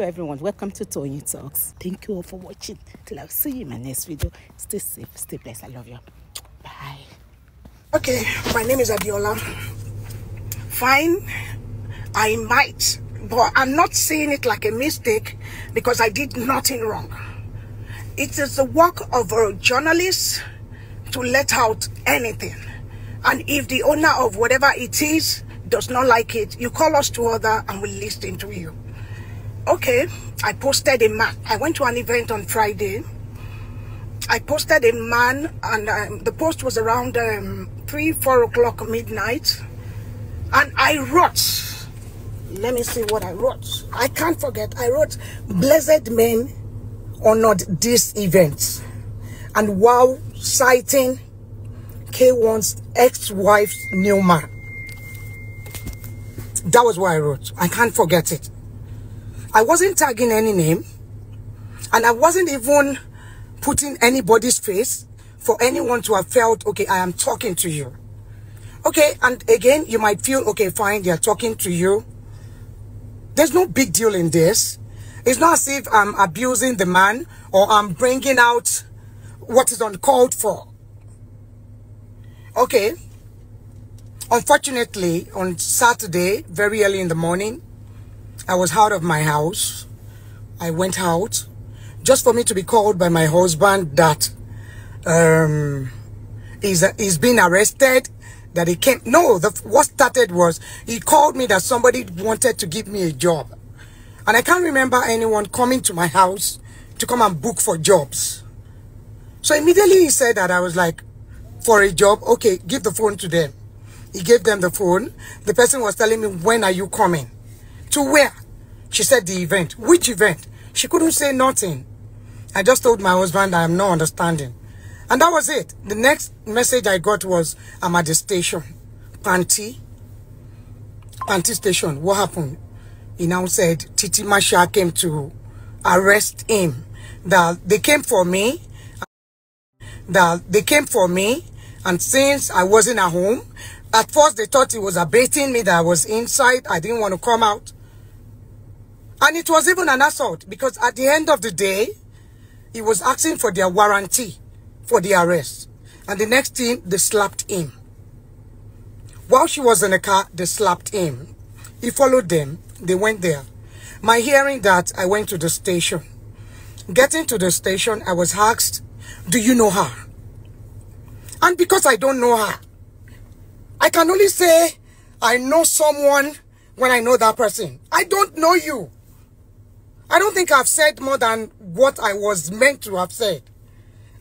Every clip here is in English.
hello everyone welcome to Tony Talks thank you all for watching till i'll see you in my next video stay safe stay blessed i love you bye okay my name is Abiola fine i might but i'm not saying it like a mistake because i did nothing wrong it is the work of a journalist to let out anything and if the owner of whatever it is does not like it, you call us to order and we listen to you okay i posted a man. i went to an event on friday i posted a man and um, the post was around um, three four o'clock midnight and i wrote let me see what i wrote i can't forget i wrote blessed men honored this event and wow citing k1's ex-wife's new man that was what i wrote i can't forget it I wasn't tagging any name. And I wasn't even putting anybody's face for anyone to have felt, okay, I am talking to you. Okay, and again, you might feel, okay, fine, they are talking to you. There's no big deal in this. It's not as if I'm abusing the man or I'm bringing out what is uncalled for. Okay. Unfortunately, on Saturday, very early in the morning, I was out of my house. I went out just for me to be called by my husband that um, he's, he's been arrested, that he can't. No, the, what started was he called me that somebody wanted to give me a job. And I can't remember anyone coming to my house to come and book for jobs. So immediately he said that I was like, for a job, okay, give the phone to them. He gave them the phone. The person was telling me, when are you coming? To where? She said the event. Which event? She couldn't say nothing. I just told my husband I am not understanding. And that was it. The next message I got was, I'm at the station. Panty. Panty station. What happened? He now said, Titi Masha came to arrest him. That they came for me. That they came for me. And since I wasn't at home, at first they thought he was abating me that I was inside. I didn't want to come out. And it was even an assault because at the end of the day, he was asking for their warranty for the arrest. And the next thing, they slapped him. While she was in the car, they slapped him. He followed them. They went there. My hearing that, I went to the station. Getting to the station, I was asked, do you know her? And because I don't know her, I can only say I know someone when I know that person. I don't know you. I don't think I've said more than what I was meant to have said.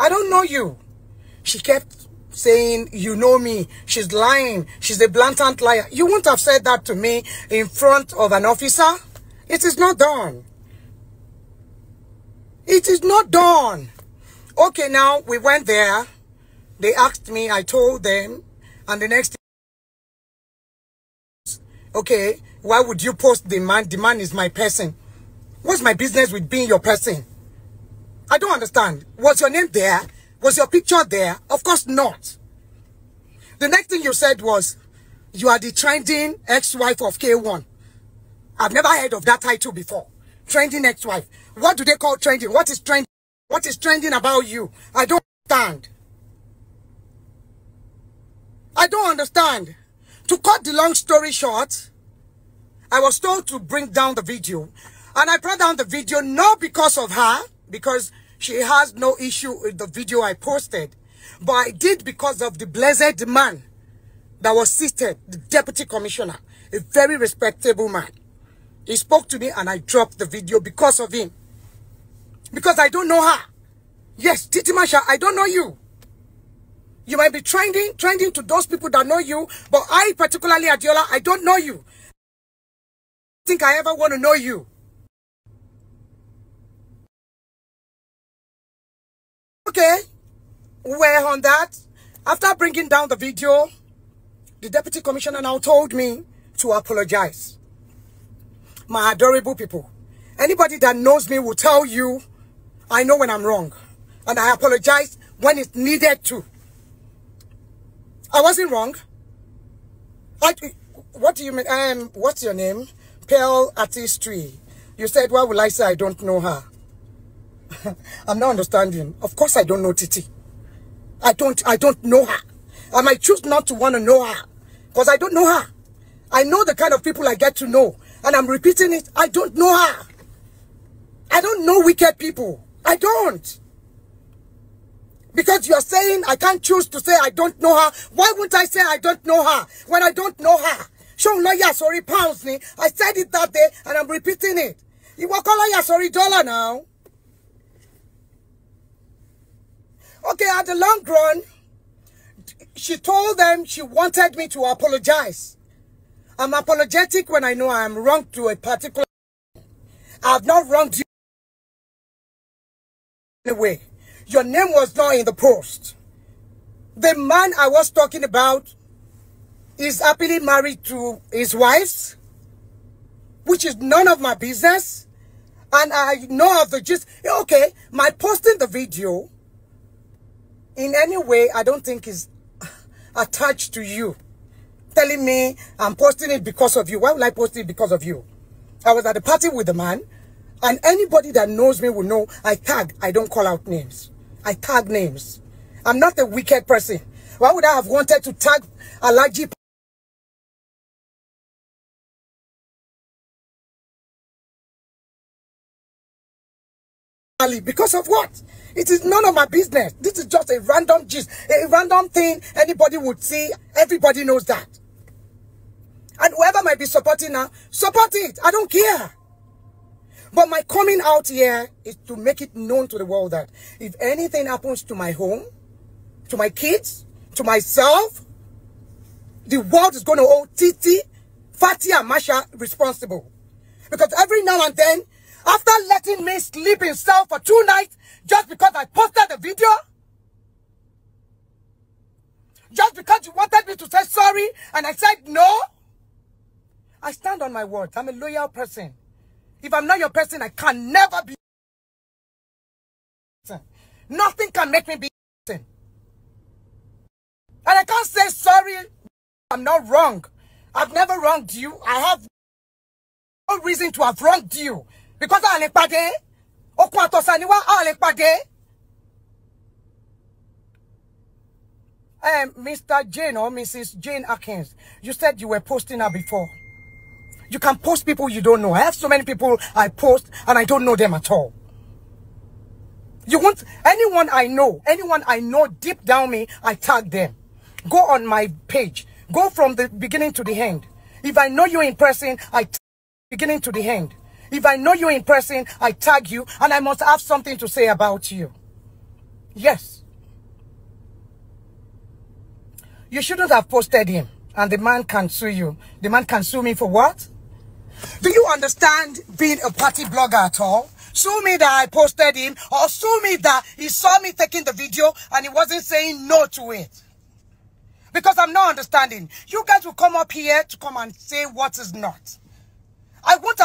I don't know you. She kept saying, you know me. She's lying. She's a blatant liar. You wouldn't have said that to me in front of an officer. It is not done. It is not done. Okay, now we went there. They asked me, I told them, and the next okay, why would you post the man? The man is my person. What's my business with being your person? I don't understand. Was your name there? Was your picture there? Of course not. The next thing you said was, you are the trending ex-wife of K1. I've never heard of that title before. Trending ex-wife. What do they call trending? What is trending? What is trending about you? I don't understand. I don't understand. To cut the long story short, I was told to bring down the video and I brought down the video not because of her, because she has no issue with the video I posted. But I did because of the blessed man that was seated, the deputy commissioner, a very respectable man. He spoke to me and I dropped the video because of him. Because I don't know her. Yes, Titi Masha, I don't know you. You might be trending, trending to those people that know you, but I particularly, Adiola, I don't know you. I think I ever want to know you. Okay, we're on that. After bringing down the video, the deputy commissioner now told me to apologize. My adorable people, anybody that knows me will tell you I know when I'm wrong. And I apologize when it's needed to. I wasn't wrong. I, what do you mean? Um, what's your name? Pearl Artistry. You said, why will I say I don't know her? I'm not understanding. Of course I don't know Titi. I don't, I don't know her. I might choose not to want to know her. Because I don't know her. I know the kind of people I get to know. And I'm repeating it. I don't know her. I don't know wicked people. I don't. Because you are saying I can't choose to say I don't know her. Why wouldn't I say I don't know her when I don't know her? Show lawyer sorry pounds me. I said it that day and I'm repeating it. You walk your sorry dollar now. Okay, at the long run, she told them she wanted me to apologize. I'm apologetic when I know I'm wrong to a particular... I've not wronged you anyway. Your name was not in the post. The man I was talking about is happily married to his wife, which is none of my business. And I know of the gist. Okay, my posting the video in any way, I don't think is attached to you. Telling me I'm posting it because of you. Why would I post it because of you? I was at a party with a man. And anybody that knows me will know I tag. I don't call out names. I tag names. I'm not a wicked person. Why would I have wanted to tag a large? because of what? It is none of my business. This is just a random gist, a random thing anybody would see. Everybody knows that. And whoever might be supporting now, support it. I don't care. But my coming out here is to make it known to the world that if anything happens to my home, to my kids, to myself, the world is going to hold Titi, Fatia, and Masha responsible. Because every now and then, after letting me sleep in cell for two nights just because I posted the video? Just because you wanted me to say sorry and I said no? I stand on my word. I'm a loyal person. If I'm not your person, I can never be. Nothing can make me be. And I can't say sorry. I'm not wrong. I've never wronged you. I have no reason to have wronged you because I lè pàdé okun quanto ni I like lè pàdé. Um, Mr. Jane or Mrs. Jane Atkins, you said you were posting her before. You can post people you don't know. I have so many people I post and I don't know them at all. You want anyone I know, anyone I know deep down me, I tag them. Go on my page. Go from the beginning to the end. If I know you in person, I beginning to the end. If I know you in person, I tag you and I must have something to say about you. Yes. You shouldn't have posted him and the man can sue you. The man can sue me for what? Do you understand being a party blogger at all? Sue me that I posted him or sue me that he saw me taking the video and he wasn't saying no to it. Because I'm not understanding. You guys will come up here to come and say what is not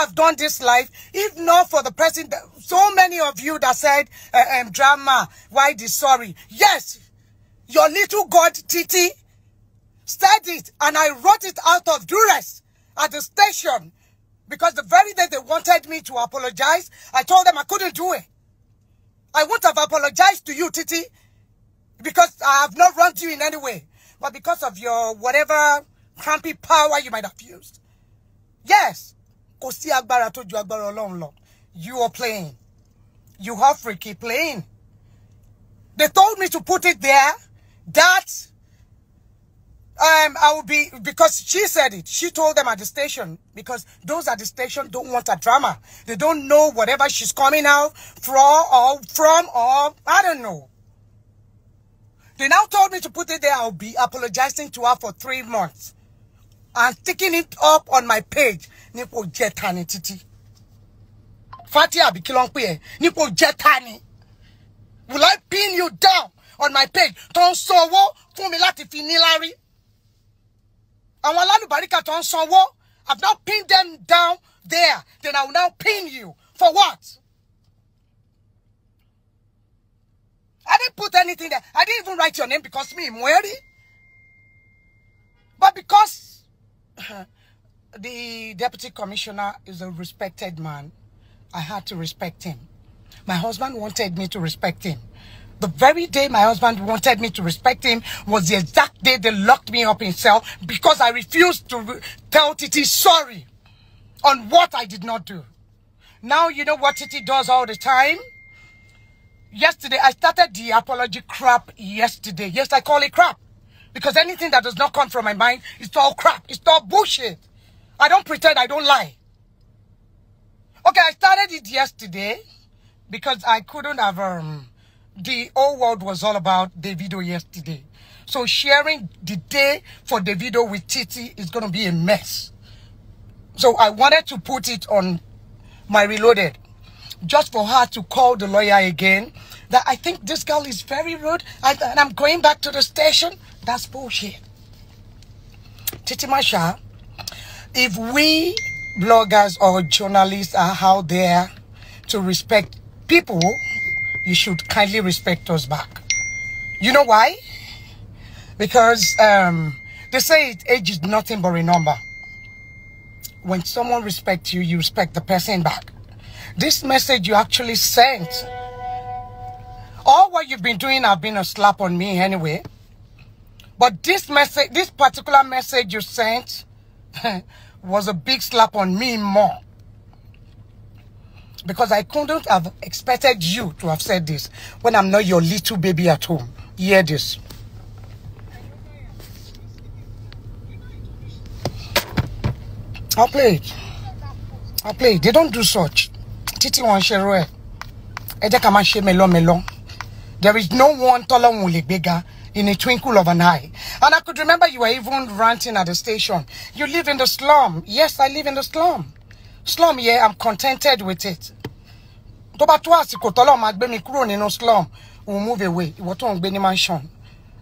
have done this life if not for the person that, so many of you that said uh, um, drama why the sorry yes your little god titi said it and i wrote it out of duress at the station because the very day they wanted me to apologize i told them i couldn't do it i wouldn't have apologized to you titi because i have not wronged you in any way but because of your whatever crampy power you might have used yes kò sí agbára tó ju agbára Ọlọ́run lọ you are playing you have freaky playing they told me to put it there that um, I will be, because she said it. She told them at the station, because those at the station don't want a drama. They don't know whatever she's coming out from or from or I don't know. They now told me to put it there. I'll be apologizing to her for three months. and taking it up on my page nípò jẹ́ ni títí Fatia àbí kí ló ń pè ẹ́ nípò jẹ́ ni will I pin you down on my page tó ń sanwó fún mi láti fi níláárí àwọn alálùbáríkà tó ń sanwó I've now pinned them down there then I will now pin you for what. I didn't put anything there. I didn't even write your name because me, Mweri. But because the deputy commissioner is a respected man. I had to respect him. My husband wanted me to respect him. The very day my husband wanted me to respect him was the exact day they locked me up in cell because I refused to tell Titi sorry on what I did not do. Now you know what Titi does all the time? Yesterday, I started the apology crap yesterday. Yes, I call it crap. Because anything that does not come from my mind, it's all crap. It's all bullshit. I don't pretend I don't lie. Okay, I started it yesterday because I couldn't have, um, the whole world was all about Davido yesterday. So sharing the day for Davido with Titi is going to be a mess. So I wanted to put it on my reloaded just for her to call the lawyer again that I think this girl is very rude and, and I'm going back to the station. That's bullshit. Titi Masha, if we bloggers or journalists are out there to respect people, you should kindly respect us back. You know why? Because um, they say it, age is nothing but a number. When someone respects you, you respect the person back. This message you actually sent, all what you've been doing have been a slap on me anyway. But this message, this particular message you sent, was a big slap on me more. Because I couldn't have expected you to have said this when I'm not your little baby at home. Hear this. I'll play it. I'll play it. They don't do such. Titi wọn ṣe rú ẹ̀. Ẹ jẹ́ ká There is no one tọ́lọ́hún ò lè gbéga. in a twinkle of an eye. And I could remember you were even ranting at the station. You live in the slum. Yes, I live in the slum. Slum, yeah, I'm contented with it. tó slum will move away tó mansion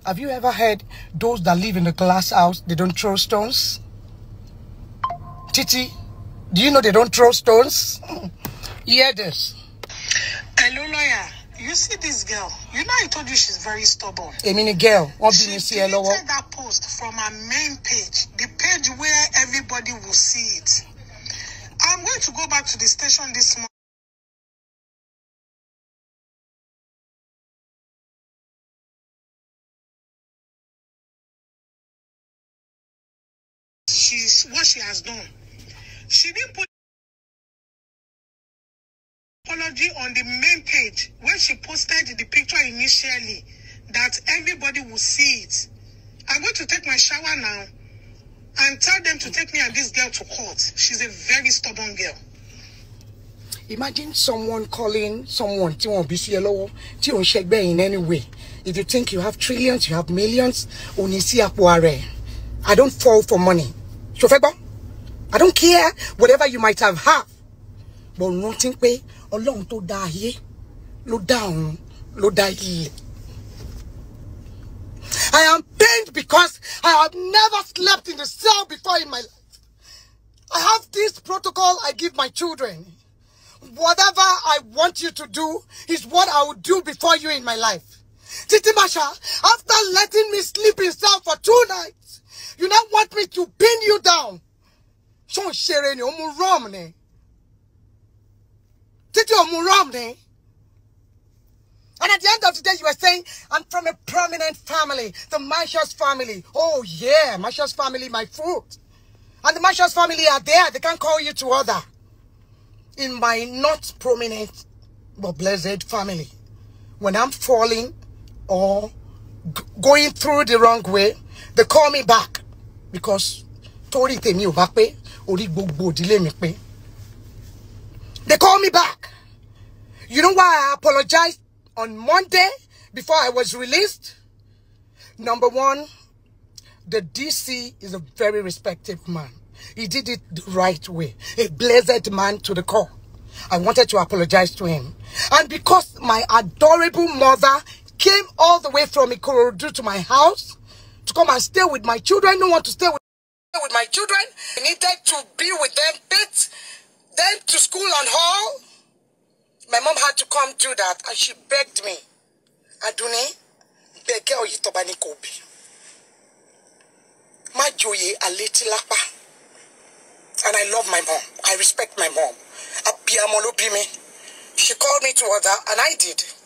have you ever heard those that live in the glass house they don't throw stones titi do you know they don't throw stones Yeah, this. hello lawyer you see this girl you know i told you she's very stubborn I mean, a girl What did you sí ẹ she deleted that post from her main page the page where everybody will see it i'm going to go back to the station this morning. She's what she has done. She didn't put apology on the main page when she posted the picture initially that everybody will see it. I'm going to take my shower now and tell them to take me and this girl to court. She's a very stubborn girl. Imagine someone calling someone to wọ́n bí sí ẹ lọ́wọ́ in any way. If you think you have trillions, you have millions, Unisi apuare. I I don't fall for money. Ṣòfẹ́ I don't care whatever you might have had bọ̀ rántí pé ọlọ́run tó dá ayé ló dá ọ̀run ló dá ilẹ̀. I am pained because I have never slept in the cell before in my life. I have this protocol I give my children. Whatever I want you to do is what I will do before you in my life. Titi Masha, after letting me sleep in cell for two nights, you now want me to pin you down. Sean sharing your Romney. Títí ò mú wrong And at the end of the day, you were saying, I'm from a prominent family, the Marshalls family. Oh, yeah, Marshalls family, my fruit. And the Marshalls family are there. They can call you to order in my not prominent but blessed family. When I'm falling or going through the wrong way, they call me back because torí tèmi ò orí gbogbo they called me back. You know why I apologized on Monday before I was released? Number one, the DC is a very respected man. He did it the right way. A blessed man to the core. I wanted to apologize to him. And because my adorable mother came all the way from Ikorodu to my house to come and stay with my children, no one to stay with, with my children, I needed to be with them, pets. Then to school and hall, my mom had to come do that and she begged me, Adune, bẹ̀kẹ́ Oyitoba ni kò bí. Má joyè lapa, And I love my mom. I respect my mom. Abiyamọ ló bí mi. She called me to order and I did.